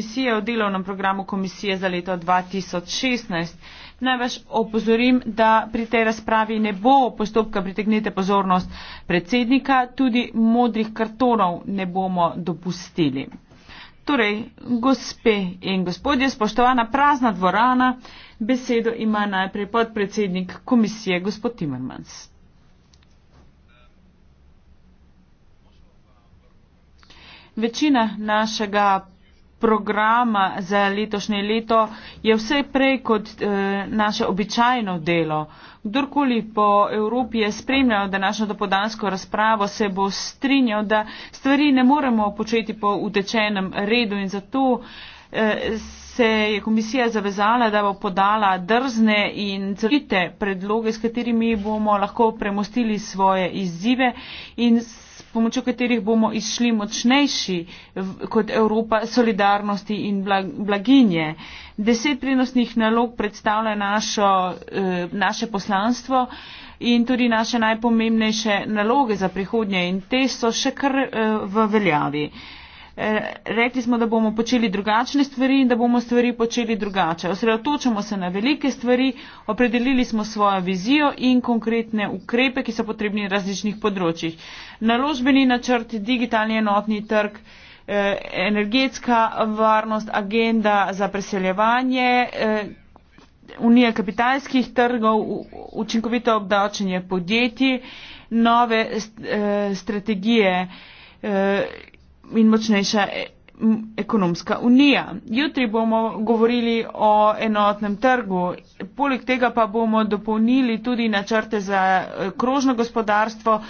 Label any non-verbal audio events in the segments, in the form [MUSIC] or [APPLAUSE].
misije v delovnem programu komisije za leto 2016. Naj vas opozorim, da pri tej razpravi ne bo postopka pritegnite pozornost predsednika, tudi modrih kartonov ne bomo dopustili. Torej, gospe in gospodje, spoštovana prazna dvorana, besedo ima najprej podpredsednik komisije, gospod Timmermans. Večina našega programa za letošnje leto je vse prej kot e, naše običajno delo. Kdorkoli po Evropi je spremljal današnjo dopodansko razpravo, se bo strinjal, da stvari ne moremo početi po utečenem redu in zato e, se je komisija zavezala, da bo podala drzne in celite predloge, s katerimi bomo lahko premostili svoje izzive in s pomočjo katerih bomo izšli močnejši kot Evropa solidarnosti in blaginje. Deset prednostnih nalog predstavlja našo, eh, naše poslanstvo in tudi naše najpomembnejše naloge za prihodnje in te so še kar eh, v veljavi. Eh, rekli smo, da bomo počeli drugačne stvari in da bomo stvari počeli drugače. Osredotočamo se na velike stvari, opredelili smo svojo vizijo in konkretne ukrepe, ki so potrebni na različnih področjih. Naložbeni načrt, digitalni enotni trg, eh, energetska varnost, agenda za preseljevanje, eh, unija kapitalskih trgov, učinkovito obdavčenje podjetij, nove strategije in močnejša e, ekonomska unija. Jutri bomo govorili o enotnem trgu. Poleg tega pa bomo dopolnili tudi načrte za e, krožno gospodarstvo,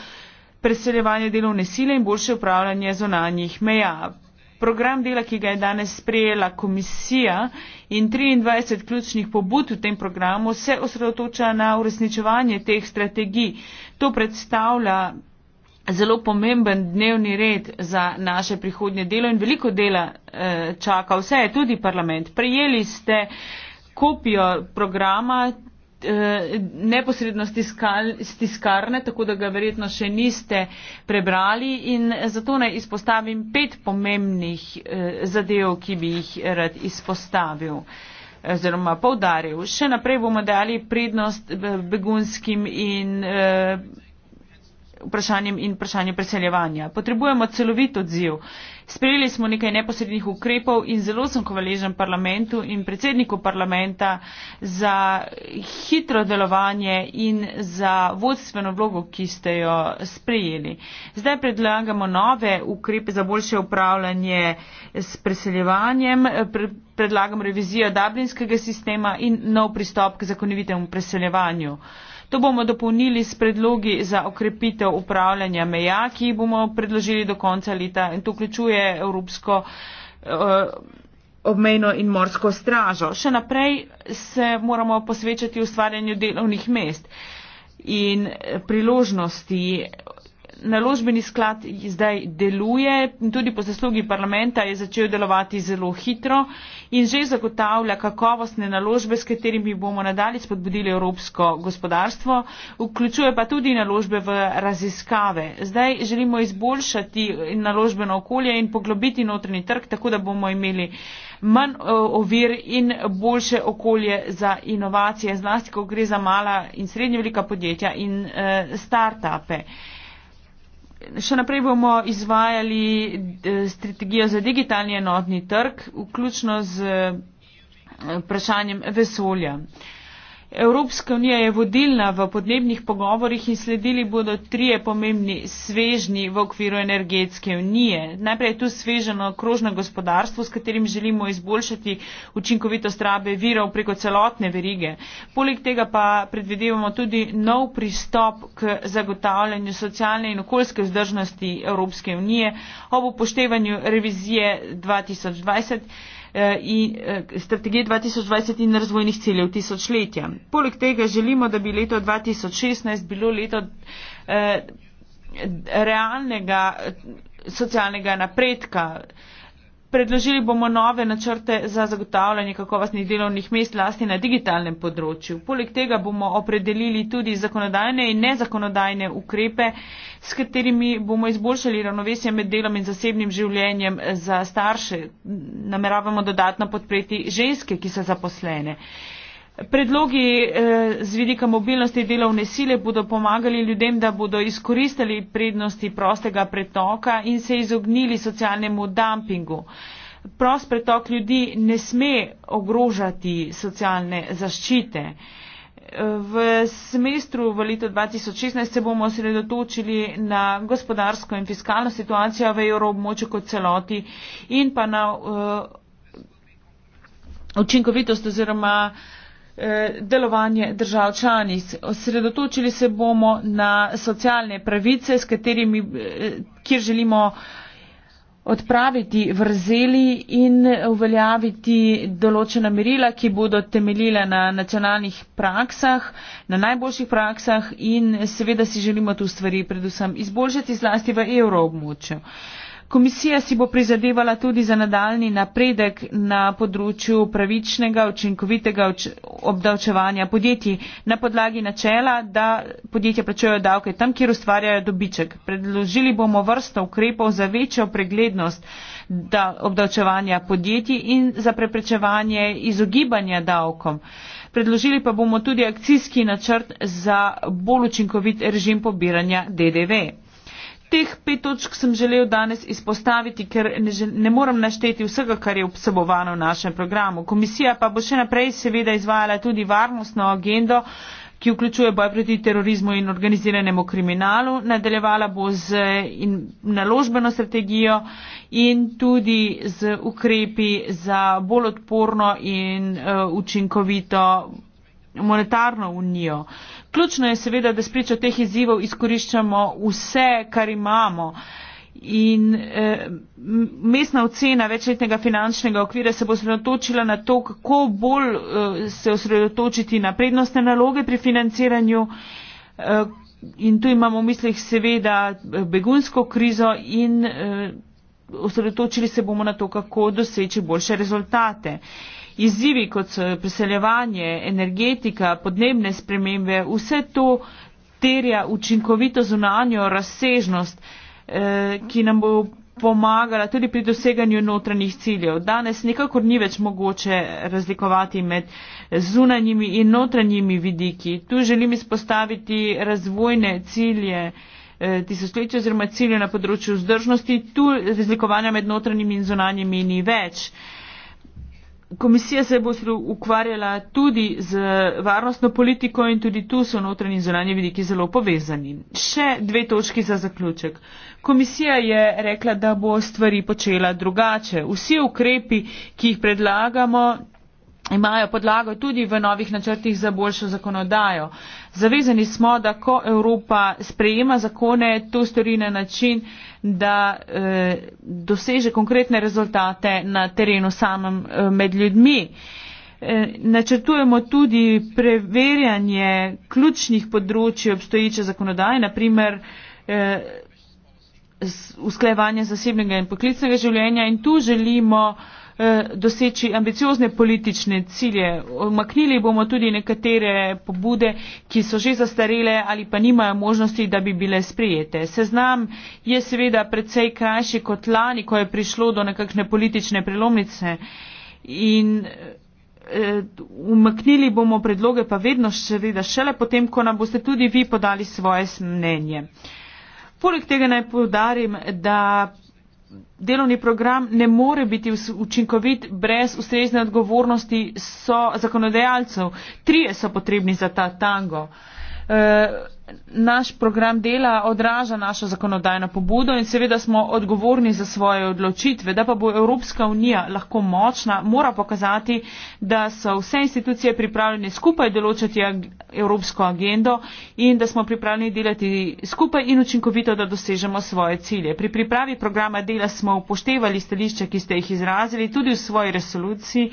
preseljevanje delovne sile in boljše upravljanje zonanjih meja. Program dela, ki ga je danes sprejela komisija in 23 ključnih pobud v tem programu, se osredotoča na uresničevanje teh strategij. To predstavlja zelo pomemben dnevni red za naše prihodnje delo in veliko dela eh, čaka. Vse je tudi parlament. Prijeli ste kopijo programa eh, neposredno stiskarne, tako da ga verjetno še niste prebrali in zato naj izpostavim pet pomembnih eh, zadev, ki bi jih rad izpostavil eh, oziroma poudaril. Še naprej bomo dali prednost begunskim in vprašanjem in vprašanjem preseljevanja. Potrebujemo celovit odziv. Sprejeli smo nekaj neposrednih ukrepov in zelo sem hvaležen parlamentu in predsedniku parlamenta za hitro delovanje in za vodstveno vlogo, ki ste jo sprejeli. Zdaj predlagamo nove ukrepe za boljše upravljanje s preseljevanjem, predlagam revizijo dublinskega sistema in nov pristop k zakonovitemu preseljevanju. To bomo dopolnili s predlogi za okrepitev upravljanja meja, ki jih bomo predložili do konca leta in to vključuje Evropsko eh, obmejno in morsko stražo. Še naprej se moramo posvečati ustvarjanju delovnih mest in eh, priložnosti naložbeni sklad zdaj deluje in tudi po zaslugi parlamenta je začel delovati zelo hitro in že zagotavlja kakovostne naložbe, s katerimi bomo nadalje spodbudili evropsko gospodarstvo, vključuje pa tudi naložbe v raziskave. Zdaj želimo izboljšati naložbeno okolje in poglobiti notrni trg, tako da bomo imeli manj eh, ovir in boljše okolje za inovacije, zlasti ko gre za mala in srednje velika podjetja in e, start-upe. Še naprej bomo izvajali eh, strategijo za digitalni enotni trg, vključno z eh, vprašanjem vesolja. Evropska unija je vodilna v podnebnih pogovorjih in sledili bodo trije pomembni svežni v okviru energetske unije. Najprej je tu sveženo krožno gospodarstvo, s katerim želimo izboljšati učinkovitost rabe virov preko celotne verige. Poleg tega pa predvidevamo tudi nov pristop k zagotavljanju socialne in okoljske vzdržnosti Evropske unije ob upoštevanju revizije 2020 Eh, in eh, strategije 2020 in razvojnih ciljev tisočletja. Poleg tega želimo, da bi leto 2016 bilo leto eh, realnega socialnega napredka. Predložili bomo nove načrte za zagotavljanje kakovostnih delovnih mest lasti na digitalnem področju. Poleg tega bomo opredelili tudi zakonodajne in nezakonodajne ukrepe, s katerimi bomo izboljšali ravnovesje med delom in zasebnim življenjem za starše. Nameravamo dodatno podpreti ženske, ki so zaposlene. Predlogi eh, z vidika mobilnosti delovne sile bodo pomagali ljudem, da bodo izkoristili prednosti prostega pretoka in se izognili socialnemu dumpingu. Prost pretok ljudi ne sme ogrožati socialne zaščite. V semestru v letu 2016 se bomo osredotočili na gospodarsko in fiskalno situacijo v evroobmočju kot celoti in pa na uh, učinkovitost oziroma uh, Eh, delovanje držav članic. Osredotočili se bomo na socialne pravice, s katerimi, eh, kjer želimo odpraviti vrzeli in uveljaviti določena merila, ki bodo temeljila na nacionalnih praksah, na najboljših praksah in seveda si želimo tu stvari predvsem izboljšati zlasti v evroobmočju. Komisija si bo prizadevala tudi za nadaljni napredek na področju pravičnega, učinkovitega obdavčevanja podjetij na podlagi načela, da podjetja plačujejo davke tam, kjer ustvarjajo dobiček. Predložili bomo vrsto ukrepov za večjo preglednost obdavčevanja podjetij in za preprečevanje izogibanja davkom. Predložili pa bomo tudi akcijski načrt za bolj učinkovit režim pobiranja DDV teh pet točk sem želel danes izpostaviti, ker ne, žel, ne moram našteti vsega, kar je vsebovano v našem programu. Komisija pa bo še naprej seveda izvajala tudi varnostno agendo ki vključuje boj proti terorizmu in organiziranemu kriminalu, nadaljevala bo z naložbeno strategijo in tudi z ukrepi za bolj odporno in uh, učinkovito monetarno unijo. Uh, Ključno je seveda, da spričo teh izzivov izkoriščamo vse, kar imamo. In eh, mestna ocena večletnega finančnega okvira se bo osredotočila na to, kako bolj eh, se osredotočiti na prednostne naloge pri financiranju. Eh, in tu imamo v mislih seveda eh, begunsko krizo in eh, osredotočili se bomo na to, kako doseči boljše rezultate. Eh, izzivi, kot so priseljevanje, energetika, podnebne spremembe, vse to terja učinkovito zunanjo razsežnost, eh, ki nam bo pomagala tudi pri doseganju notranjih ciljev. Danes nikakor ni več mogoče razlikovati med zunanjimi in notranjimi vidiki. Tu želim izpostaviti razvojne cilje eh, tisočletja oziroma cilje na področju vzdržnosti. Tu razlikovanja med notranjimi in zunanjimi ni več. Komisija se bo ukvarjala tudi z varnostno politiko in tudi tu so notranji in zunanje vidiki zelo povezani. Še dve točki za zaključek. Komisija je rekla, da bo stvari počela drugače. Vsi ukrepi, ki jih predlagamo, imajo podlago tudi v novih načrtih za boljšo zakonodajo. Zavezani smo, da ko Evropa sprejema zakone, to stori na način, da e, doseže konkretne rezultate na terenu samem e, med ljudmi. E, načrtujemo tudi preverjanje ključnih področji obstoječe zakonodaje, naprimer e, usklejevanje zasebnega in poklicnega življenja in tu želimo Eh, doseči ambiciozne politične cilje. Omaknili bomo tudi nekatere pobude, ki so že zastarele ali pa nimajo možnosti, da bi bile sprijete. Seznam je seveda predvsej krajši kot lani, ko je prišlo do nekakšne politične prelomnice. In eh, umaknili bomo predloge, pa vedno seveda šele potem, ko nam boste tudi vi podali svoje mnenje. Poleg tega naj povdarim, da delovni program ne more biti učinkovit brez ustrezne odgovornosti so zakonodajalcev. Trije so potrebni za ta tango. Uh, naš program dela odraža našo zakonodajno pobudo in seveda smo odgovorni za svoje odločitve. Da pa bo Evropska unija lahko močna, mora pokazati, da so vse institucije pripravljene skupaj določati evropsko agendo in da smo pripravljeni delati skupaj in učinkovito, da dosežemo svoje cilje. Pri pripravi programa dela smo upoštevali stališče, ki ste jih izrazili tudi v svoji resoluciji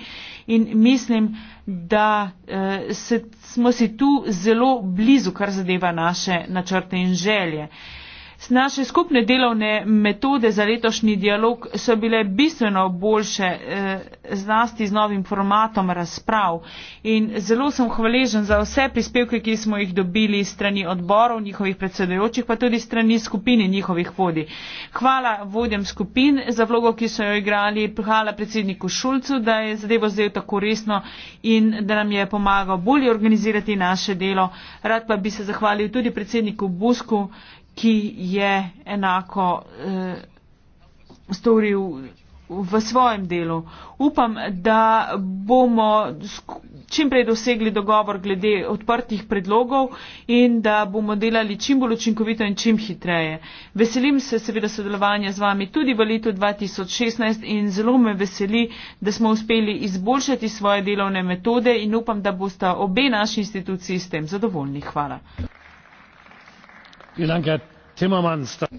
in mislim, da eh, se, smo si tu zelo blizu, kar zadeva naše načrte in želje. Uh, S naše skupne delovne metode za letošnji dialog so bile bistveno boljše eh, zlasti z novim formatom razprav in zelo sem hvaležen za vse prispevke, ki smo jih dobili strani odborov, njihovih predsedujočih, pa tudi strani skupine njihovih vodij. Hvala vodjem skupin za vlogo, ki so jo igrali, hvala predsedniku Šulcu, da je zadevo zdaj tako resno in da nam je pomagal bolje organizirati naše delo. Rad pa bi se zahvalil tudi predsedniku Busku ki je enako eh, storil v svojem delu. Upam, da bomo čim prej dosegli dogovor glede odprtih predlogov in da bomo delali čim bolj učinkovito in čim hitreje. Veselim se seveda sodelovanja z vami tudi v letu 2016 in zelo me veseli, da smo uspeli izboljšati svoje delovne metode in upam, da boste obe naši instituciji s tem zadovoljni. Hvala.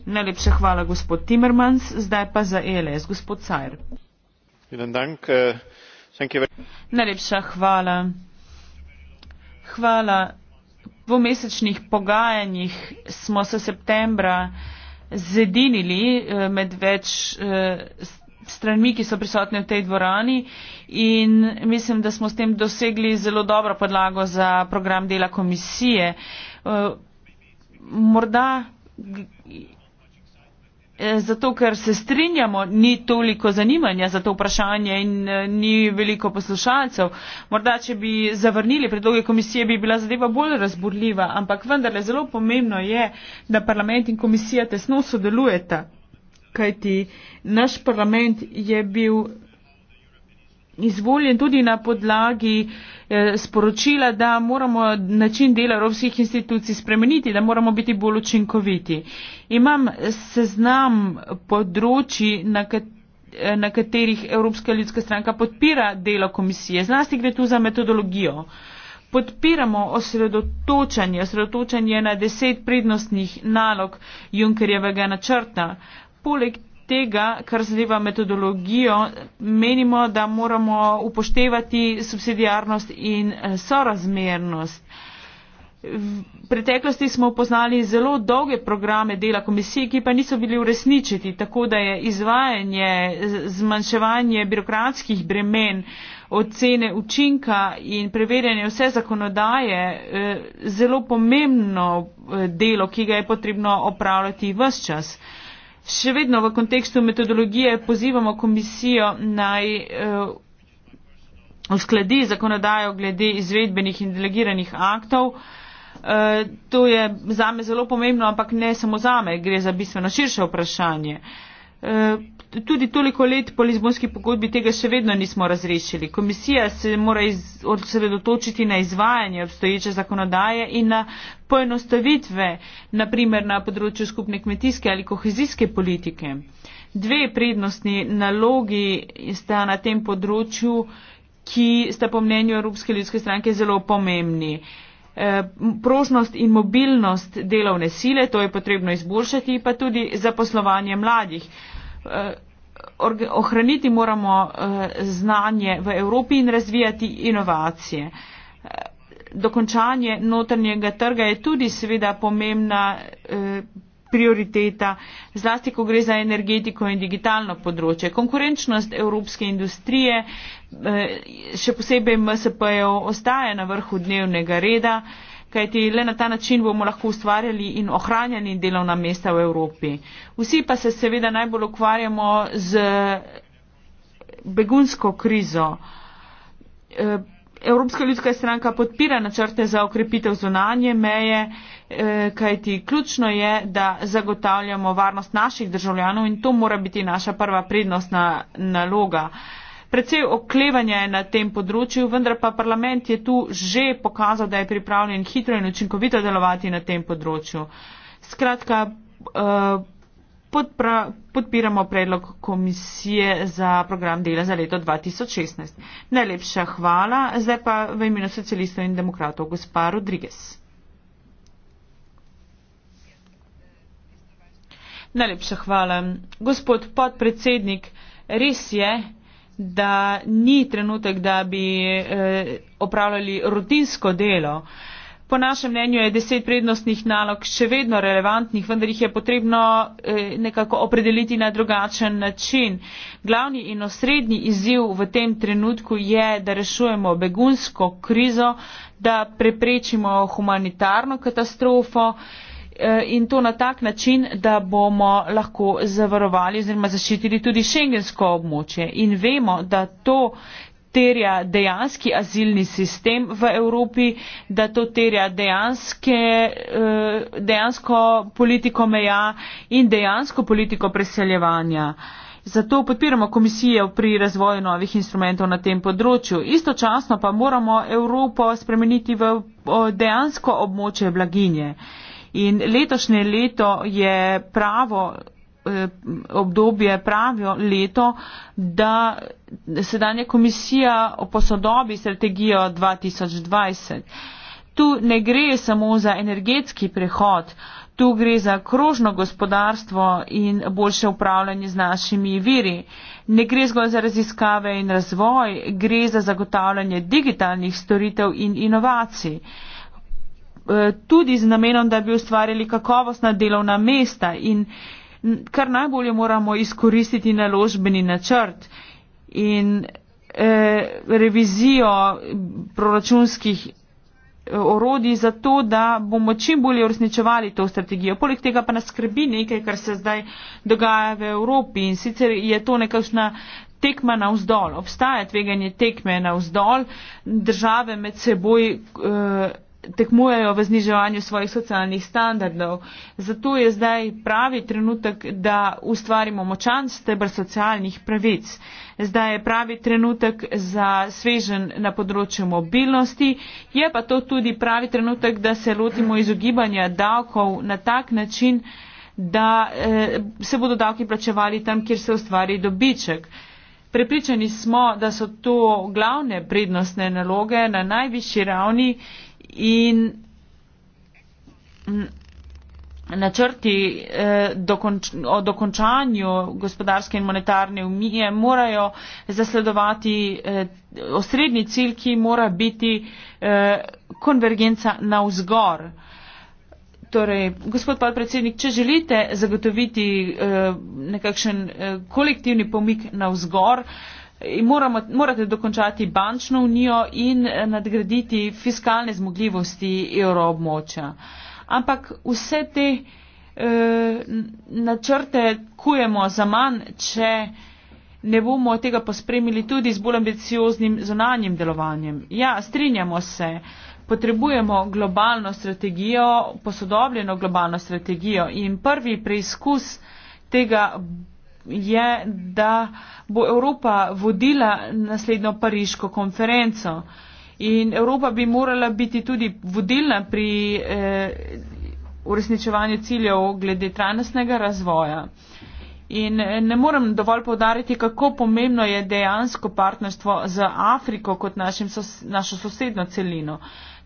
Najlepša hvala, gospod Timmermans. Zdaj pa za ELS, gospod Cajr. Eh, Najlepša hvala. Hvala. V mesečnih pogajanjih smo se septembra zedinili eh, med več eh, stranmi, ki so prisotne v tej dvorani in mislim, da smo s tem dosegli zelo dobro podlago za program dela komisije morda eh, zato, ker se strinjamo, ni toliko zanimanja za to vprašanje in eh, ni veliko poslušalcev. Morda, če bi zavrnili predloge komisije, bi bila zadeva bolj razburljiva, ampak vendarle zelo pomembno je, da parlament in komisija tesno sodelujeta, kajti naš parlament je bil izvoljen tudi na podlagi eh, sporočila, da moramo način dela evropskih institucij spremeniti, da moramo biti bolj učinkoviti. Imam seznam področji, na katerih na katerih Evropska ljudska stranka podpira delo komisije. Zlasti gre tu za metodologijo. Podpiramo osredotočanje, osredotočanje na deset prednostnih nalog Junkerjevega načrta. Poleg tega, kar zadeva metodologijo, menimo, da moramo upoštevati subsidijarnost in eh, sorazmernost. V preteklosti smo poznali zelo dolge programe dela komisije, ki pa niso bili uresničiti, tako da je izvajanje, zmanjševanje birokratskih bremen, ocene učinka in preverjanje vse zakonodaje eh, zelo pomembno eh, delo, ki ga je potrebno opravljati v vse čas. Še vedno v kontekstu metodologije pozivamo komisijo naj eh, uskladi uh, zakonodajo glede izvedbenih in delegiranih aktov. Uh, to je zame zelo pomembno, ampak ne samo zame, gre za bistveno širše vprašanje. Uh, Eh, tudi toliko let po Lizbonski pogodbi tega še vedno nismo razrešili. Komisija se mora osredotočiti na izvajanje obstoječe zakonodaje in na poenostavitve, naprimer na področju skupne kmetijske ali kohezijske politike. Dve prednostni nalogi sta na tem področju, ki sta po mnenju Evropske ljudske stranke zelo pomembni. Uh, Eh, prožnost in mobilnost delovne sile, to je potrebno izboljšati, pa tudi zaposlovanje mladih. Eh, ohraniti moramo eh, znanje v Evropi in razvijati inovacije. Dokončanje notrnjega trga je tudi seveda pomembna prioriteta, zlasti ko gre za energetiko in digitalno področje. Konkurenčnost evropske industrije, eh, še posebej MSP-jev, ostaja na vrhu dnevnega reda, kajti le na ta način bomo lahko ustvarjali in ohranjali delovna mesta v Evropi. Vsi pa se seveda najbolj ukvarjamo z eh, begunsko krizo. Eh, Evropska ljudska stranka podpira načrte za okrepitev zunanje meje, Eh, kajti ključno je, da zagotavljamo varnost naših državljanov in to mora biti naša prva prednostna naloga. Predvsej oklevanja je na tem področju, vendar pa parlament je tu že pokazal, da je pripravljen hitro in učinkovito delovati na tem področju. Skratka, eh, podpra, podpiramo predlog komisije za program dela za leto 2016. Najlepša hvala, zdaj pa v imenu socialistov in demokratov gospa Rodriguez. Najlepša hvala. Gospod podpredsednik, res je, da ni trenutek, da bi eh, opravljali rutinsko delo. Po našem mnenju je deset prednostnih nalog še vedno relevantnih, vendar jih je potrebno eh, nekako opredeliti na drugačen način. Glavni in osrednji izziv v tem trenutku je, da rešujemo begunsko krizo, da preprečimo humanitarno katastrofo, Eh, in to na tak način, da bomo lahko zavarovali oziroma zaščitili tudi šengensko območje. In vemo, da to terja dejanski azilni sistem v Evropi, da to terja dejanske, eh, dejansko politiko meja in dejansko politiko preseljevanja. Zato podpiramo komisijo pri razvoju novih instrumentov na tem področju. Istočasno pa moramo Evropo spremeniti v dejansko območje blaginje. In letošnje leto je pravo eh, obdobje, pravo leto, da sedanja komisija posodobi strategijo 2020. Tu ne gre samo za energetski prehod, tu gre za krožno gospodarstvo in boljše upravljanje z našimi viri. Ne gre zgolj za raziskave in razvoj, gre za zagotavljanje digitalnih storitev in inovacij. Eh, tudi z namenom, da bi ustvarjali kakovostna delovna mesta in kar najbolje moramo izkoristiti naložbeni načrt in eh, revizijo proračunskih eh, orodij za to, da bomo čim bolje uresničevali to strategijo. Poleg tega pa nas skrbi nekaj, kar se zdaj dogaja v Evropi in sicer je to nekakšna tekma na vzdolj. Obstaja tveganje tekme na vzdolj, države med seboj eh, tekmujejo v zniževanju svojih socialnih standardov. Zato je zdaj pravi trenutek, da ustvarimo močan stebr socialnih pravic. Zdaj je pravi trenutek za svežen na področju mobilnosti, je pa to tudi pravi trenutek, da se lotimo izogibanja davkov na tak način, da eh, se bodo davki plačevali tam, kjer se ustvari dobiček. Prepričani smo, da so to glavne prednostne naloge na najvišji ravni in načrti eh, o dokončanju gospodarske in monetarne unije morajo zasledovati eh, osrednji cilj, ki mora biti eh, konvergenca na vzgor. Torej, gospod podpredsednik, če želite zagotoviti nekakšen kolektivni pomik na vzgor, moramo, morate dokončati bančno unijo in eh, nadgraditi fiskalne zmogljivosti evroobmočja. Ampak vse te e, načrte kujemo za manj, če ne bomo tega pospremili tudi z bolj ambicioznim zonanjem delovanjem. Ja, strinjamo se, potrebujemo globalno strategijo, posodobljeno globalno strategijo in prvi preizkus tega je, da bo Evropa vodila naslednjo pariško konferenco. In Evropa bi morala biti tudi vodilna pri eh, uresničevanju ciljev glede trajnostnega razvoja. In eh, ne morem dovolj povdariti, kako pomembno je dejansko partnerstvo z Afriko kot našim, sos, našo sosedno celino.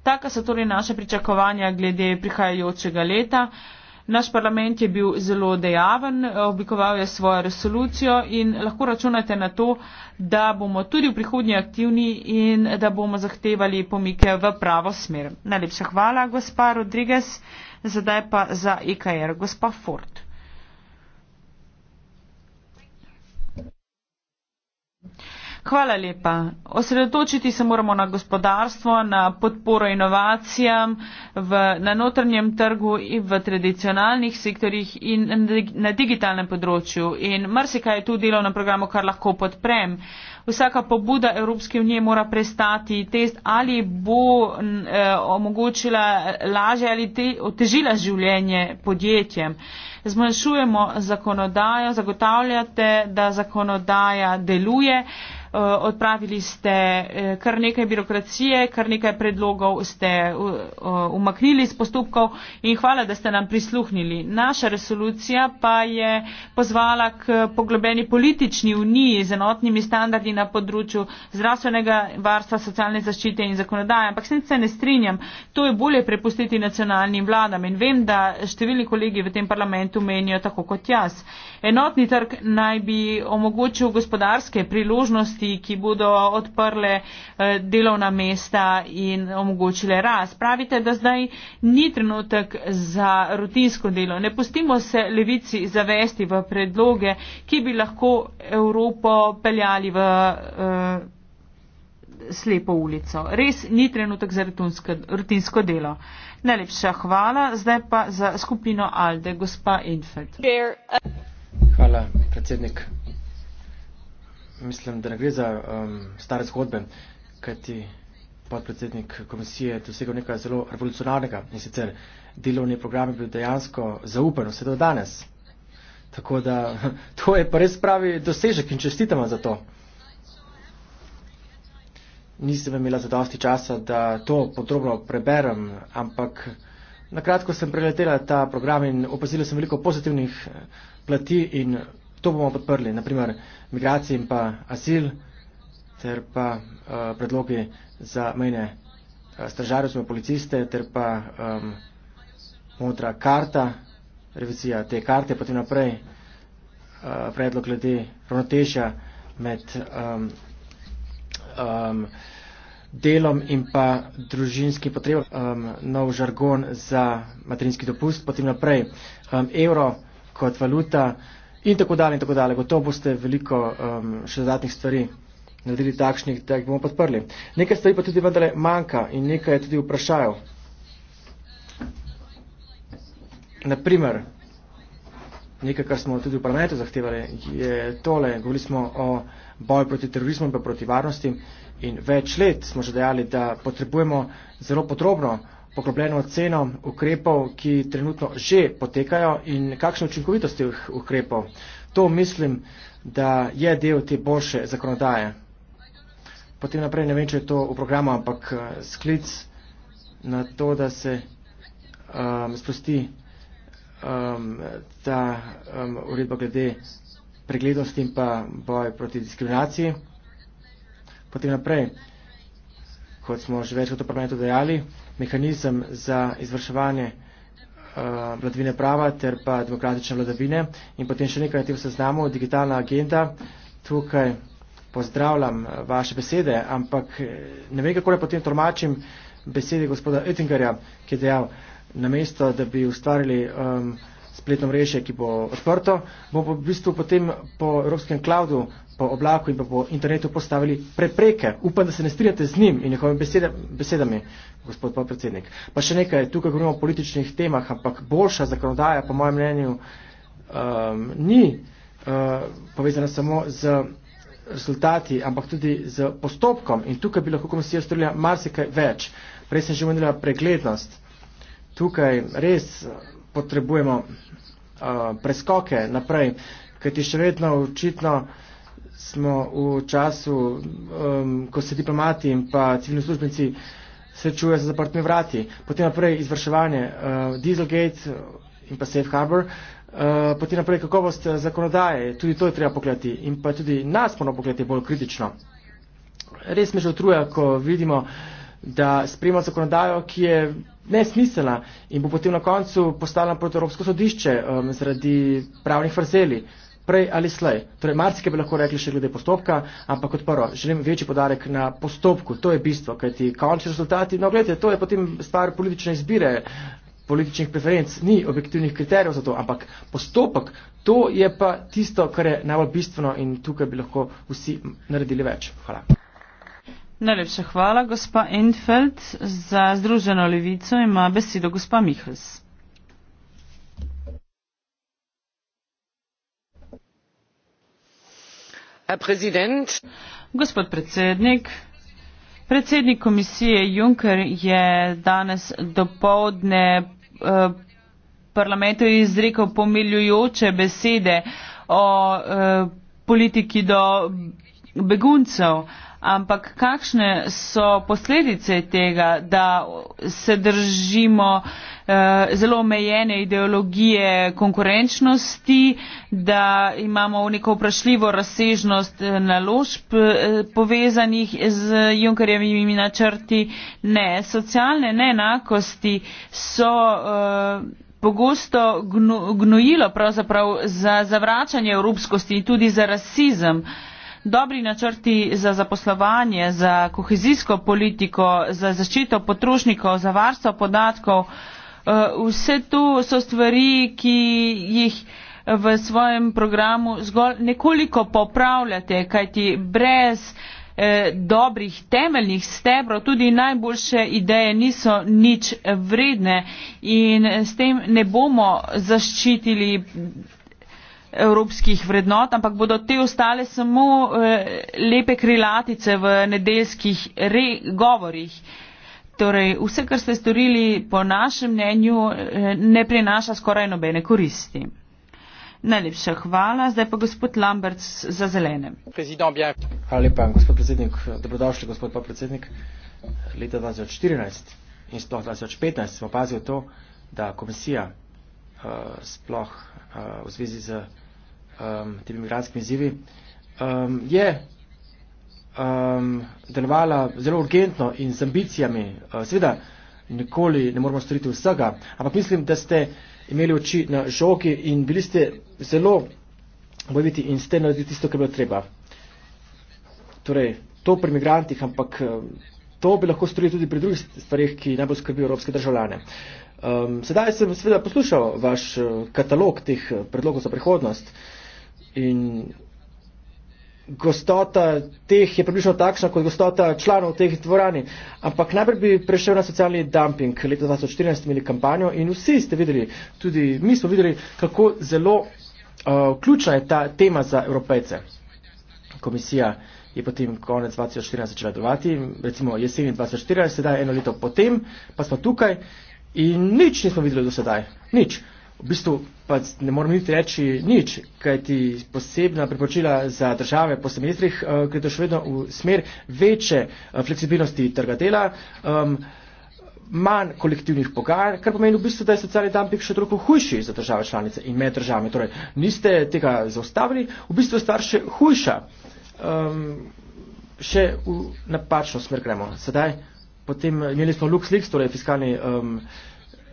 Taka so torej naše pričakovanja glede prihajajočega leta. Eh, Naš parlament je bil zelo dejaven, oblikoval je svojo resolucijo in lahko računate na to, da bomo tudi v prihodnje aktivni in da bomo zahtevali pomike v pravo smer. Najlepša hvala, gospa Rodriguez, zdaj pa za IKR, e gospa Ford. Hvala lepa. Osredotočiti se moramo na gospodarstvo, na podporo inovacijam v, na notrnjem trgu in v tradicionalnih sektorjih in na digitalnem področju. In marsikaj je tu delo na programu, kar lahko podprem. Vsaka pobuda Evropske unije mora prestati test, ali bo eh, omogočila laže ali te, otežila življenje podjetjem. Zmanjšujemo zakonodajo, zagotavljate, da zakonodaja deluje. Eh, odpravili ste eh, kar nekaj birokracije, kar nekaj predlogov ste eh, umaknili iz postopkov in hvala, da ste nam prisluhnili. Naša resolucija pa je pozvala k poglobeni politični uniji z enotnimi standardi na področju zdravstvenega varstva, socialne zaščite in zakonodaje. Ampak sem se ne strinjam, to je bolje prepustiti nacionalnim vladam in vem, da številni kolegi v tem parlamentu menijo tako kot jaz. Enotni trg naj bi omogočil gospodarske priložnosti, ki bodo odprle eh, delovna mesta in omogočile rast. Pravite, da zdaj ni trenutek za rutinsko delo. Ne pustimo se levici zavesti v predloge, ki bi lahko Evropo peljali v. Eh, slepo ulico. Res ni trenutek za rutinsko delo. Najlepša hvala. Zdaj pa za skupino Alde, gospa Infeld. Okay. Hvala, predsednik. Mislim, da ne gre za um, stare zgodbe, kajti podpredsednik komisije je dosegel nekaj zelo revolucionarnega in sicer delovni program je bil dejansko zaupen vse do danes. Tako da [LAUGHS] to je pa res pravi dosežek in čestitamo za to. Nisem imela za dosti časa, da to podrobno preberem, ampak nakratko sem preletela ta program in opazila sem veliko pozitivnih. Uh, plati in to bomo podprli, naprimer migracije in pa asil ter pa uh, predlogi za mejne uh, stražarje, smo policiste ter pa um, modra karta, revizija te karte, potem naprej uh, predlog glede ravnotežja med um, um, delom in pa družinski potreb, um, nov žargon za materinski dopust, potem naprej um, evro kot valuta in tako dalje in tako dalje. Gotovo boste veliko um, še dodatnih stvari naredili takšnih, da jih bomo podprli. Nekaj stvari pa tudi vendarle manjka in nekaj je tudi vprašajal. Naprimer, nekaj, kar smo tudi v parlamentu zahtevali, je tole, govorili smo o boju proti terorizmu in proti varnosti in več let smo že dejali, da potrebujemo zelo podrobno poglobljeno oceno ukrepov, ki trenutno že potekajo in kakšno učinkovitost teh ukrepov. To mislim, da je del te boljše zakonodaje. Potem naprej ne vem, če je to v programu, ampak eh, sklic na to, da se um, sprosti um, ta um, uredba glede preglednosti in pa boj proti diskriminaciji. Potem naprej, kot smo že večkrat v parlamentu dejali, mehanizem za izvrševanje eh, vladavine prava ter pa demokratične vladavine. In potem še nekaj na tem seznamu, digitalna agenda. Tukaj pozdravljam eh, vaše besede, ampak eh, ne vem, kako le potem tolmačim besede gospoda Ettingerja, ki je dejal, namesto da bi ustvarili. Um, spletno mreže, ki bo odprto, bo v bistvu potem po evropskem cloudu, po oblaku in pa po internetu postavili prepreke. Upam, da se ne strijate z njim in njihovimi besedami, gospod podpredsednik. Pa še nekaj, tukaj govorimo o političnih temah, ampak boljša zakonodaja, po mojem mnenju, um, ni uh, povezana samo z rezultati, ampak tudi z postopkom. In tukaj bi lahko komisija storila marsikaj več. Prej sem že omenila preglednost. Tukaj res. Uh, potrebujemo uh, preskoke naprej, kajti še vedno očitno smo v času, um, ko se diplomati in pa civilni službenci srečujejo za zaprtimi vrati. Potem naprej izvrševanje uh, Dieselgate in pa Safe Harbor. Uh, potem naprej kakovost zakonodaje, tudi to je treba pogledati in pa tudi nas moramo pogledati bolj kritično. Res me že otruja, ko vidimo, uh, da sprejema zakonodajo, ki je nesmiselna in bo potem na koncu postala proti Evropsko sodišče um, zaradi pravnih vrzeli, prej ali slej. Torej, marsike bi lahko rekli še glede postopka, ampak kot prvo, želim večji podarek na postopku, to je bistvo, kajti končni rezultati, no gledajte, to je potem stvar politične izbire, političnih preferenc, ni objektivnih kriterijev za to, ampak postopek, to je pa tisto, kar je najbolj bistveno in tukaj bi lahko vsi naredili več. Hvala. Najlepša hvala, gospa Enfeld. Za Združeno levico ima besedo gospa Mihls. Gospod predsednik, predsednik komisije Juncker je danes do povdne eh, parlamentu izrekel pomiljujoče besede o eh, politiki do beguncev ampak kakšne so posledice tega, da se držimo eh, zelo omejene ideologije konkurenčnosti, da imamo neko vprašljivo razsežnost eh, naložb eh, povezanih z Junkerjevimi načrti. Ne, socialne neenakosti so pogosto gnojilo pravzaprav za zavračanje evropskosti in tudi za rasizem dobri načrti za zaposlovanje za kohezijsko politiko za zaščito potrošnikov za varstvo podatkov eh, vse to so stvari ki jih v svojem programu zgolj nekoliko popravljate kajti brez eh, dobrih temeljnih stebrov, tudi najboljše ideje niso nič vredne in s tem ne bomo zaščitili evropskih vrednot, ampak bodo te ostale samo eh, lepe krilatice v nedeljskih govorih. Torej, vse, kar ste storili, po našem mnenju, eh, ne prinaša skoraj nobene koristi. Najlepša hvala. Zdaj pa gospod Lambert za zelene. Hvala lepa, gospod predsednik. Dobrodošli, gospod podpredsednik. Leta 2014 in sploh 2015 smo opazili to, da komisija uh, sploh uh, v zvezi z um, temi imigranskimi izzivi, um, je um, delovala zelo urgentno in z ambicijami. Uh, seveda, nikoli ne moramo storiti vsega, ampak mislim, da ste imeli oči na žoki in bili ste zelo bojiti in ste naredili tisto, kar je bilo treba. Torej, to pri imigrantih, ampak uh, to bi lahko storili tudi pri drugih stvarih, ki najbolj skrbijo evropske državljane. Um, sedaj sem seveda poslušal vaš uh, katalog teh uh, predlogov za prihodnost. Uh, In gostota teh je približno takšna kot gostota članov teh dvorani. Ampak najprej bi prešel na socialni dumping. Leta 2014 imeli kampanjo in vsi ste videli, tudi mi smo videli, kako zelo uh, ključna je ta tema za evropejce. Komisija je potem konec 2014 začela delovati, recimo jeseni 2014, sedaj eno leto potem, pa smo tukaj in nič nismo videli do sedaj. Nič. Uh, v bistvu pa ne moram niti reči nič, kajti posebna priporočila za države po semestrih eh, gredo še vedno v smer večje eh, fleksibilnosti trga dela, manj kolektivnih pogajanj, kar pomeni v bistvu, da je socialni dumping še toliko hujši za države članice in med državami. Torej, niste tega zaustavili, v bistvu je stvar še hujša. Um, še v napačno smer gremo. Sedaj, potem imeli smo LuxLeaks, torej fiskalni. Um,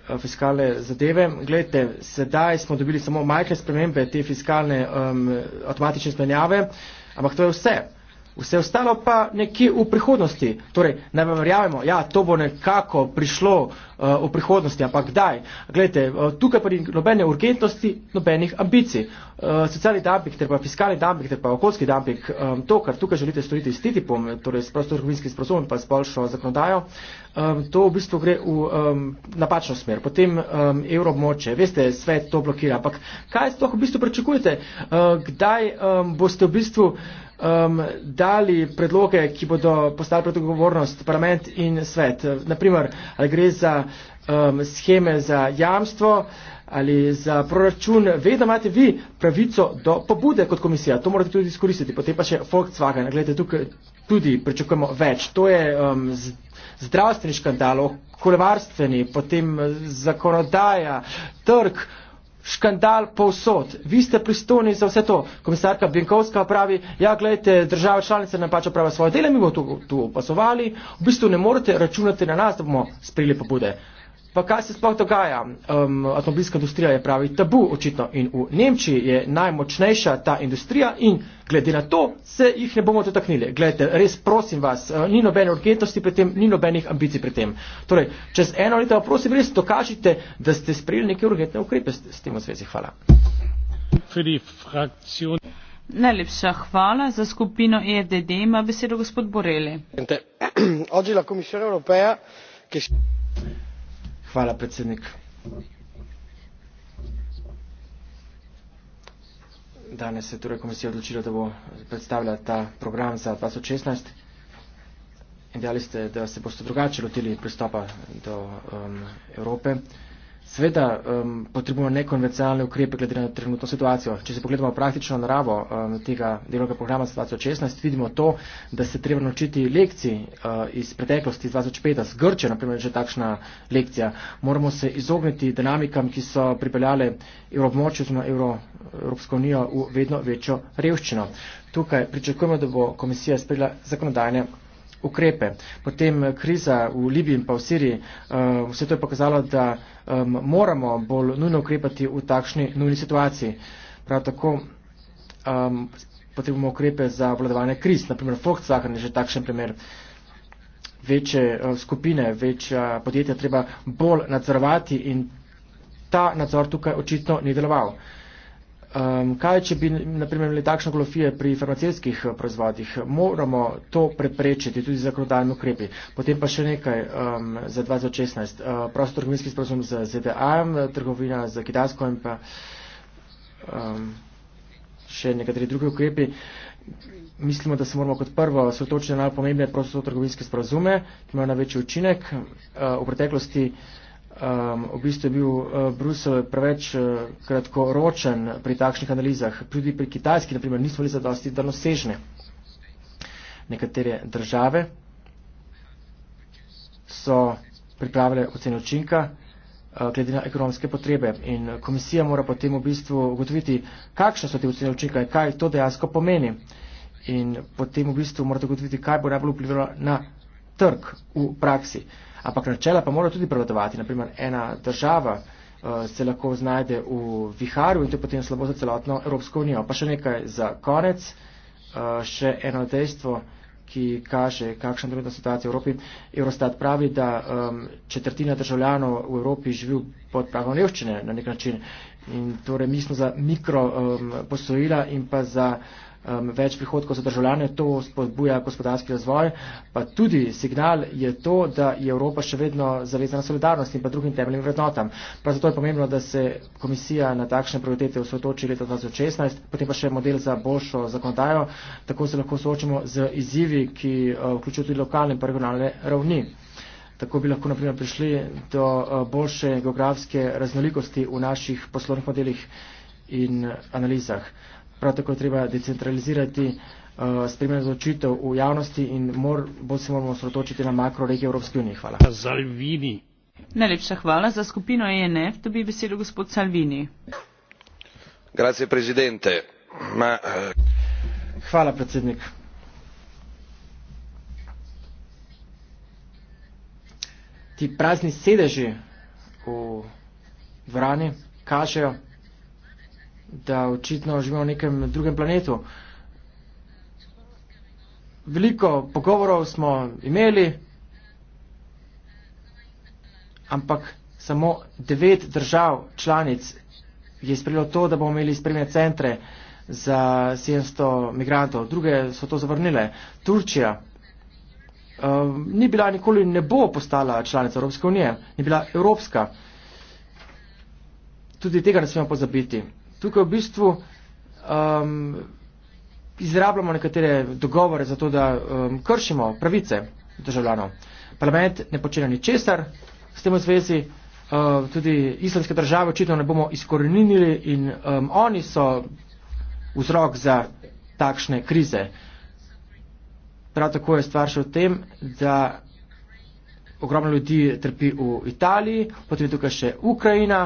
Eh, fiskalne zadeve. Gledajte, sedaj smo dobili samo majhne spremembe te fiskalne um, avtomatične spremenjave, ampak to je vse. Vse ostalo pa nekje v prihodnosti. Torej, naj vam verjamemo, ja, to bo nekako prišlo uh, v prihodnosti, ampak kdaj? Glejte, uh, tukaj pa ni nobene urgentnosti, nobenih ambicij. Uh, socialni dumping, ter pa fiskalni dumping, ter pa okoljski dumping, um, to, kar tukaj želite storiti s TTIP-om, torej s prostorovinskim sporozumom, pa s boljšo zakonodajo, um, to v bistvu gre v um, napačno smer. Potem um, evromoče, veste, svet to blokira, ampak kaj sploh v bistvu pričakujete? Uh, kdaj um, boste v bistvu um, dali predloge, ki bodo postali predogovornost parlament in svet. Naprimer, ali gre za um, scheme za jamstvo ali za proračun, vedno imate vi pravico do pobude kot komisija. To morate tudi izkoristiti. Potem pa še Volkswagen. Gledajte, tukaj tudi pričakujemo več. To je um, zdravstveni škandal, okoljevarstveni, potem zakonodaja, trg škandal povsod. Vi ste pristojni za vse to. Komisarka Binkovska pravi, ja, gledajte, država članica nam pač opravlja svoje dele, mi bomo tu, tu opasovali, v bistvu ne morete računati na nas, da bomo sprejeli pobude. Pa kaj se sploh dogaja? Um, Avtomobilska industrija je pravi tabu, očitno. In v Nemčiji je najmočnejša ta industrija in glede na to se jih ne bomo dotaknili. Glede, res prosim vas, uh, ni nobene urgentnosti pri tem, ni nobenih ambicij pri tem. Torej, čez eno leto, prosim, res dokažite, da ste sprejeli neke urgentne ukrepe s, s tem v zvezi. Hvala. Najlepša hvala za skupino EDD. Ima besedo gospod Boreli. [CLEARS THROAT] Hvala, predsednik. Danes se je torej komisija odločila, da bo predstavila ta program za 2016. In dejali ste, da se boste drugače lotili pristopa do um, Evrope. Sveda um, potrebujemo nekonvencionalne ukrepe glede na trenutno situacijo. Če se pogledamo praktično naravo um, tega delovnega programa 2016, vidimo to, da se treba naučiti lekcij uh, iz preteklosti 2015, Grče, naprimer, že takšna lekcija. Moramo se izogniti dinamikam, ki so pripeljale evroobmočje, oziroma Euro, Evropsko unijo, v vedno večjo revščino. Tukaj pričakujemo, da bo komisija sprejela zakonodajne ukrepe. Potem eh, kriza v Libiji in pa v Siriji, eh, vse to je pokazalo, da moramo bolj nujno ukrepati v takšni nujni situaciji. Prav tako potrebujemo ukrepe za obladovanje kriz, naprimer Volkswagen je že takšen primer. Večje eh, skupine, večja podjetja treba bolj nadzorovati in ta nadzor tukaj očitno ni deloval. Um, kaj, če bi, naprimer, imeli takšne golofije pri farmacijskih eh, proizvodih? Moramo to preprečiti tudi z zakonodajnimi ukrepi. Potem pa še nekaj um, za 2016. Uh, eh, prosto trgovinski sporozum z ZDA, trgovina z Kitajsko in pa um, še nekateri drugi ukrepi. Mislimo, da se moramo kot prvo sotočiti na najpomembnejše prosto trgovinske sporozume, ki imajo največji učinek uh, v preteklosti. Uh, um, v bistvu je bil uh, eh, Brusel preveč uh, kratkoročen pri takšnih analizah. Tudi pri Kitajski, na primer, nismo bili zadosti danosežne. Nekatere države so pripravile ocene učinka uh, glede na ekonomske potrebe in komisija mora potem v bistvu ugotoviti, kakšne so te ocene učinka in kaj to dejansko pomeni. In potem v bistvu morate ugotoviti, kaj bo najbolj vplivalo na trg v praksi. Ampak načela pa morajo tudi prevladovati. Naprimer, ena država uh, se lahko znajde v viharju in to je potem slabo za celotno Evropsko unijo. Pa še nekaj za konec, uh, še eno dejstvo, ki kaže, kakšna je trenutna situacija v Evropi. Eurostat pravi, da um, četrtina državljanov v Evropi živi pod pragom revščine na nek način. In torej mi smo za mikro um, posojila in pa za um, več prihodkov za državljane, to spodbuja gospodarski razvoj, pa tudi signal je to, da je Evropa še vedno zavezana solidarnosti in pa drugim temeljnim vrednotam. Prav zato je pomembno, da se komisija na takšne prioritete usvetoči leta 2016, potem pa še model za boljšo zakonodajo, tako se lahko soočimo z izzivi, ki uh, vključujo tudi lokalne in regionalne ravni. Tako bi lahko naprimer prišli do uh, boljše geografske raznolikosti v naših poslovnih modelih in uh, analizah prav tako treba decentralizirati uh, spremljanje odločitev v javnosti in mor, bolj se moramo osredotočiti na makroregije Evropske unije. Hvala. Salvini. Najlepša hvala za skupino ENF, dobi besedo gospod Salvini. Grazie, prezidente. Ma, uh... Hvala, predsednik. Ti prazni sedeži v dvorani kažejo, da očitno živimo na nekem drugem planetu. Veliko pogovorov smo imeli, ampak samo devet držav članic je sprejelo to, da bomo imeli spremne centre za 700 migrantov. Druge so to zavrnile. Turčija um, ni bila nikoli ne bo postala članica Evropske unije, ni bila evropska. Tudi tega ne smemo pozabiti tukaj v bistvu um, izrabljamo nekatere dogovore za to, da um, kršimo pravice državljanov. Parlament ne počne ni česar, s tem v zvezi uh, tudi islamske države očitno ne bomo izkoreninili in um, oni so vzrok za takšne krize. Prav tako je stvar še v tem, da ogromno ljudi trpi v Italiji, potem je tukaj še Ukrajina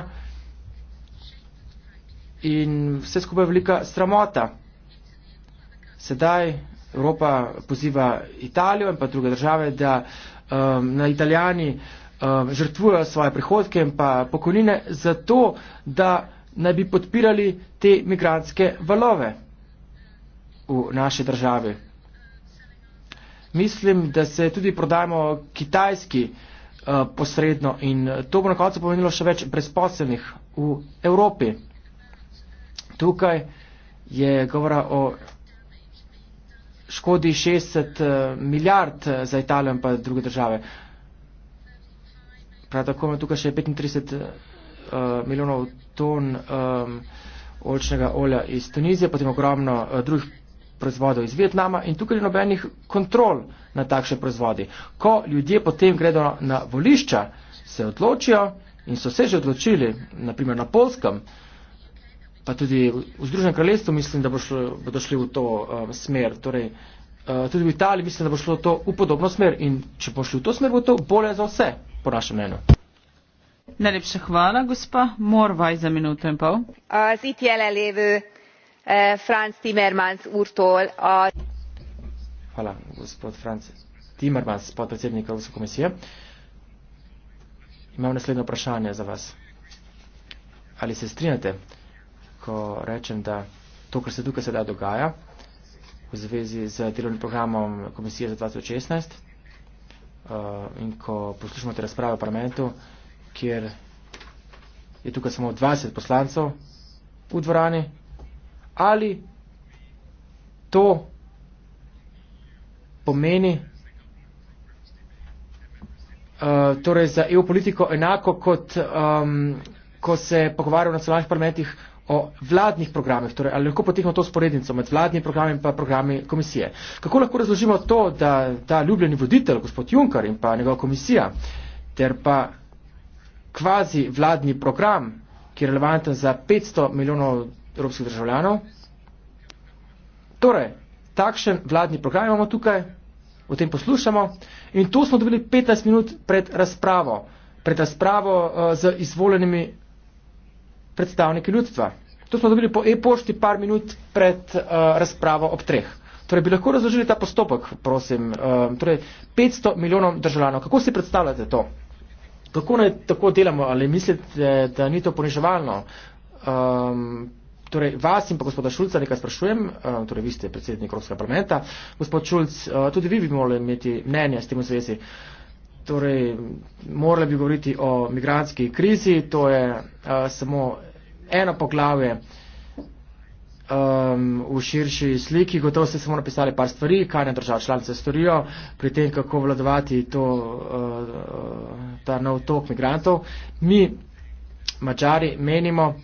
in vse skupaj velika sramota. Sedaj Evropa poziva Italijo in pa druge države, da um, na Italijani um, žrtvujo svoje prihodke in pa pokojnine zato, da naj bi podpirali te migranske valove v naši državi. Mislim, da se tudi prodajamo kitajski uh, posredno in to bo na koncu pomenilo še več brezposelnih v Evropi tukaj je govora o škodi 60 eh, milijard eh, za Italijo in pa druge države. Prav tako ima tukaj še 35 uh, eh, milijonov ton um, olčnega olja iz Tunizije, potem ogromno uh, drugih proizvodov iz Vietnama in tukaj ni nobenih kontrol na takšne proizvodi. Ko ljudje potem gredo na volišča, se odločijo in so se že odločili, naprimer na polskem, uh, pa tudi v Združenem kraljestvu mislim, da bo šlo, bodo šli v to um, smer. Torej, uh, tudi v Italiji mislim, da bo šlo to v podobno smer in če bo šli v to smer, bo to bolje za vse, po našem mnenju. Najlepša hvala, gospa Morvaj, za minuto in pol. Eh, Franz Timmermans urtol. Hvala, gospod Franz Timmermans, podpredsednik Evropske komisije. Imam naslednje vprašanje za vas. Ali se strinjate? ko rečem, da to, kar se tukaj sedaj dogaja v zvezi z delovnim programom Komisije za 2016 uh, eh, in ko poslušamo te razprave v parlamentu, kjer je tukaj samo 20 poslancev v dvorani, ali to pomeni. Uh, torej za EU politiko enako kot um, ko se pogovarjajo v nacionalnih parlamentih o vladnih programih, torej ali lahko potekamo to sporednico med vladnimi programi in pa programi komisije. Kako lahko razložimo to, da ta ljubljeni voditelj, gospod Juncker in pa njegova komisija, ter pa kvazi vladni program, ki je relevanten za 500 milijonov evropskih državljanov, torej takšen vladni program imamo tukaj, o tem poslušamo in to smo dobili 15 minut pred razpravo, pred razpravo uh, z izvoljenimi predstavniki ljudstva. To smo dobili po e-pošti par minut pred uh, razpravo ob treh. Torej, bi lahko razložili ta postopek, prosim, uh, torej 500 milijonov državljanov. Kako si predstavljate to? Kako naj tako delamo? Ali mislite, da ni to poniževalno? Um, Torej, vas in pa gospoda Šulca nekaj sprašujem, ehm, torej vi ste predsednik Evropskega parlamenta, gospod Šulc, eh, tudi vi bi morali imeti mnenje s tem v zvezi. Torej, morali bi govoriti o migranski krizi, to je uh, samo eno poglavje um, v širši sliki. Gotovo ste samo napisali par stvari, kaj ne država članice storijo pri tem, kako vladovati to, uh, ta nov tok migrantov. Mi, mačari, menimo,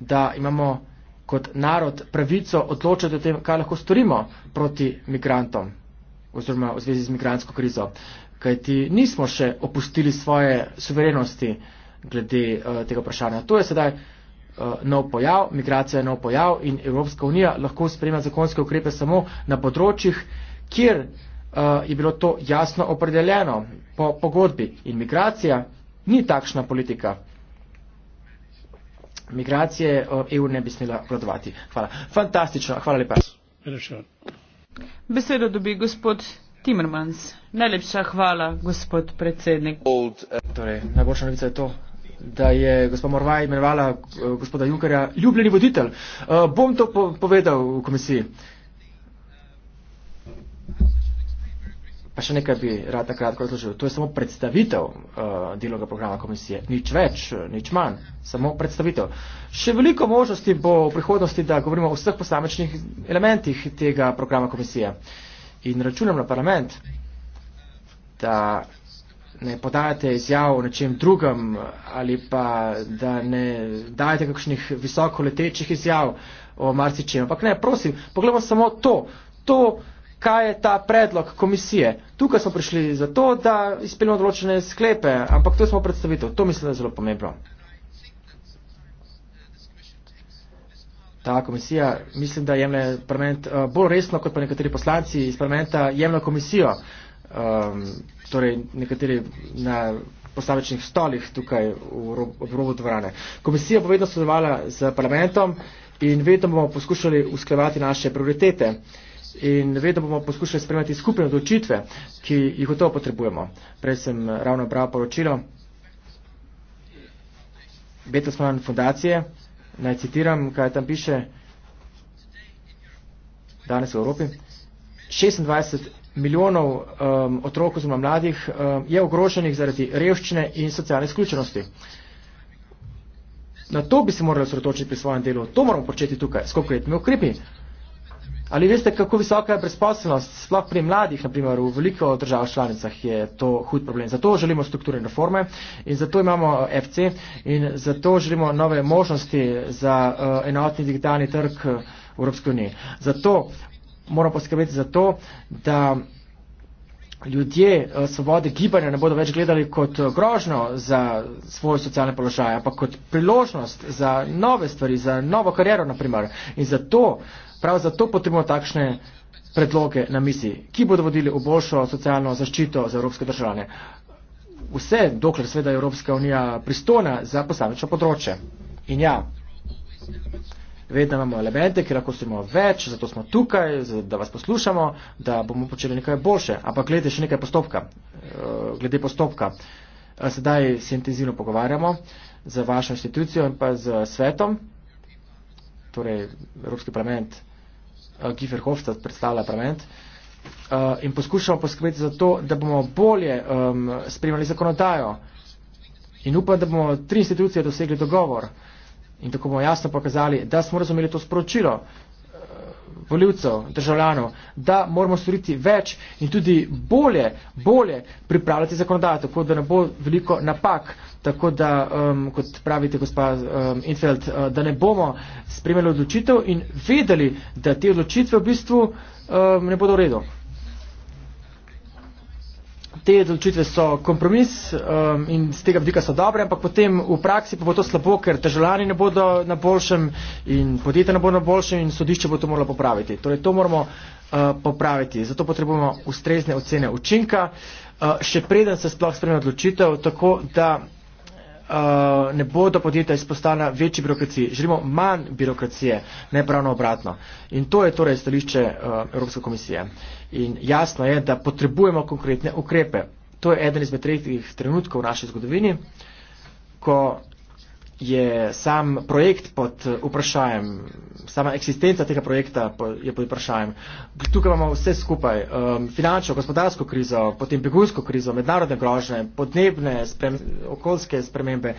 da imamo kot narod pravico odločati o tem, kaj lahko storimo proti migrantom oziroma v zvezi z migransko krizo. Kajti nismo še opustili svoje suverenosti glede uh, tega vprašanja. To je sedaj uh, nov pojav, migracija je nov pojav in Evropska unija lahko sprejema zakonske ukrepe samo na področjih, kjer uh, je bilo to jasno opredeljeno po pogodbi. In migracija ni takšna politika. Migracije uh, EU ne bi smela obladovati. Hvala. Fantastično. Hvala lepa. Rešen. Besedo dobi gospod Timmermans. Najlepša hvala, gospod predsednik. Old, uh, torej, najboljša novica je to, da je gospa Morvaj imenovala uh, gospoda Junkerja ljubljeni voditelj. Uh, bom to po povedal v komisiji. Uh, Pa še nekaj bi rad kratko razložil. To je samo predstavitev uh, eh, deloga programa komisije. Nič več, nič manj. Samo predstavitev. Še veliko možnosti bo v prihodnosti, da govorimo o vseh posamečnih elementih tega programa komisije. In računam na parlament, da ne podajate izjav o nečem drugem ali pa da ne dajete kakšnih visoko letečih izjav o marsičem. Ampak ne, prosim, pogledamo samo to. To kaj je ta predlog komisije. Tukaj smo prišli zato, da izpeljemo določene sklepe, ampak to je samo predstavitev. To mislim, da je zelo pomembno. Ta komisija, mislim, da jemlje parlament eh, bolj resno, kot pa nekateri poslanci iz parlamenta jemljo komisijo. Um, torej nekateri na posamečnih stolih tukaj v, v robu dvorane. Komisija bo vedno sodelovala z parlamentom in vedno bomo poskušali usklevati naše prioritete. Uh, in vedno bomo poskušali spremljati skupne odločitve, ki jih gotovo potrebujemo. Prej sem ravno prav poročilo Betosman fundacije, naj citiram, kaj tam piše danes v Evropi. 26 milijonov um, otrok oziroma mladih um, je ogrošenih zaradi revščine in socialne izključenosti. Na to bi se morali sredočiti pri svojem delu. To moramo početi tukaj, skoliko je tmi ukrepi. Ali veste, kako visoka je brezposelnost, sploh pri mladih, naprimer v veliko držav članicah je to hud problem. Zato želimo strukturne reforme in zato imamo eh, FC in zato želimo nove možnosti za uh, enotni digitalni trg eh, v Evropske unije. Zato moramo poskrbeti za to, da ljudje uh, svobode gibanja ne bodo več gledali kot grožno za svoje socialne položaje, ampak kot priložnost za nove stvari, za novo kariero naprimer. In zato uh, Prav zato potrebujemo takšne predloge na misi, ki bodo vodili v boljšo socialno zaščito za evropske državljane. Vse, dokler sveda je Evropska unija pristojna za posamečno področje. In ja, vedno imamo elemente, ki lahko smo več, zato smo tukaj, da vas poslušamo, da bomo počeli nekaj boljše. Ampak glede še nekaj postopka. Eh, glede postopka. Eh, sedaj se intenzivno pogovarjamo z vašo institucijo in pa z svetom, torej Evropski parlament uh, eh, Giferhofst, da predstavlja parlament. Uh, in poskušamo poskrbeti za to, da bomo bolje um, spremljali zakonodajo. In upam, da bomo tri institucije dosegli dogovor. In tako bomo jasno pokazali, da smo razumeli to sporočilo voljivcev, državljanov, da moramo storiti več in tudi bolje, bolje pripravljati zakonodajo, tako da ne bo veliko napak, tako da, um, kot pravite gospa um, Infeld, uh, da ne bomo spremljali odločitev in vedeli, da te odločitve v bistvu um, ne bodo v redu te odločitve so kompromis um, in z tega vdika so dobre, ampak potem v praksi pa bo to slabo, ker državljani ne bodo na boljšem in podjetja ne bodo na boljšem in sodišče bo to moralo popraviti. Torej, to moramo uh, popraviti. Zato potrebujemo ustrezne ocene učinka, uh, še preden se sploh sprejme odločitev, tako da uh, ne bodo podjetja izpostavljena večji birokraciji. Želimo manj birokracije, ne pravno obratno. In to je torej stališče uh, Evropske komisije. In jasno je, da potrebujemo konkretne ukrepe. To je eden izmed tretjih trenutkov v naši zgodovini, ko je sam projekt pod vprašanjem, sama eksistenca tega projekta je pod vprašanjem. Tukaj imamo vse skupaj, um, finančno, gospodarsko krizo, potem begunsko krizo, mednarodne grožnje, podnebne, sprem okoljske spremembe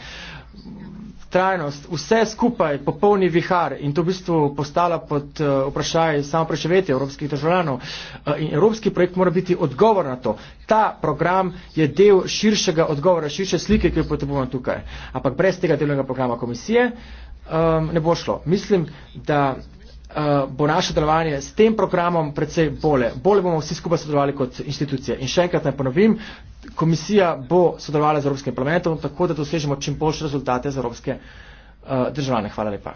trajnost, vse skupaj, popolni vihar in to v bistvu postala pod eh, vprašanje samo preševetje evropskih državljanov. Eh, in evropski projekt mora biti odgovor na to. Ta program je del širšega odgovora, širše slike, ki jo potrebujemo tukaj. Ampak brez tega delovnega programa komisije um, ne bo šlo. Mislim, da uh, bo naše delovanje s tem programom predvsej bolje. Bolje bomo vsi skupaj sodelovali kot institucije. In še enkrat naj ponovim, komisija bo sodelovala z Evropskim parlamentom, tako da dosežemo čim boljše rezultate za Evropske uh, državljane. Hvala lepa.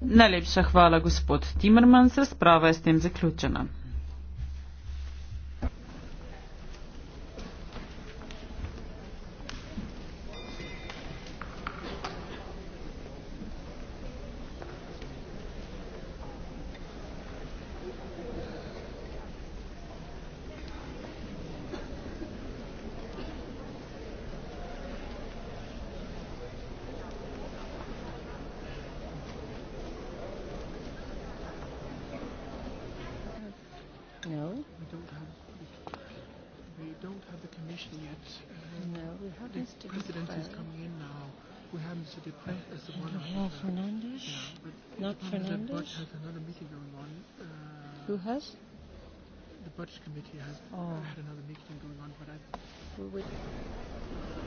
Najlepša hvala, gospod Timmermans. Razprava je s tem zaključena. this the president is coming in now. We have Mr. De Pre as the one. Yeah, Fernandez. Not Fernandez. The has another meeting going on. Uh, Who has? The budget committee has oh. had another meeting going on, but I. We would.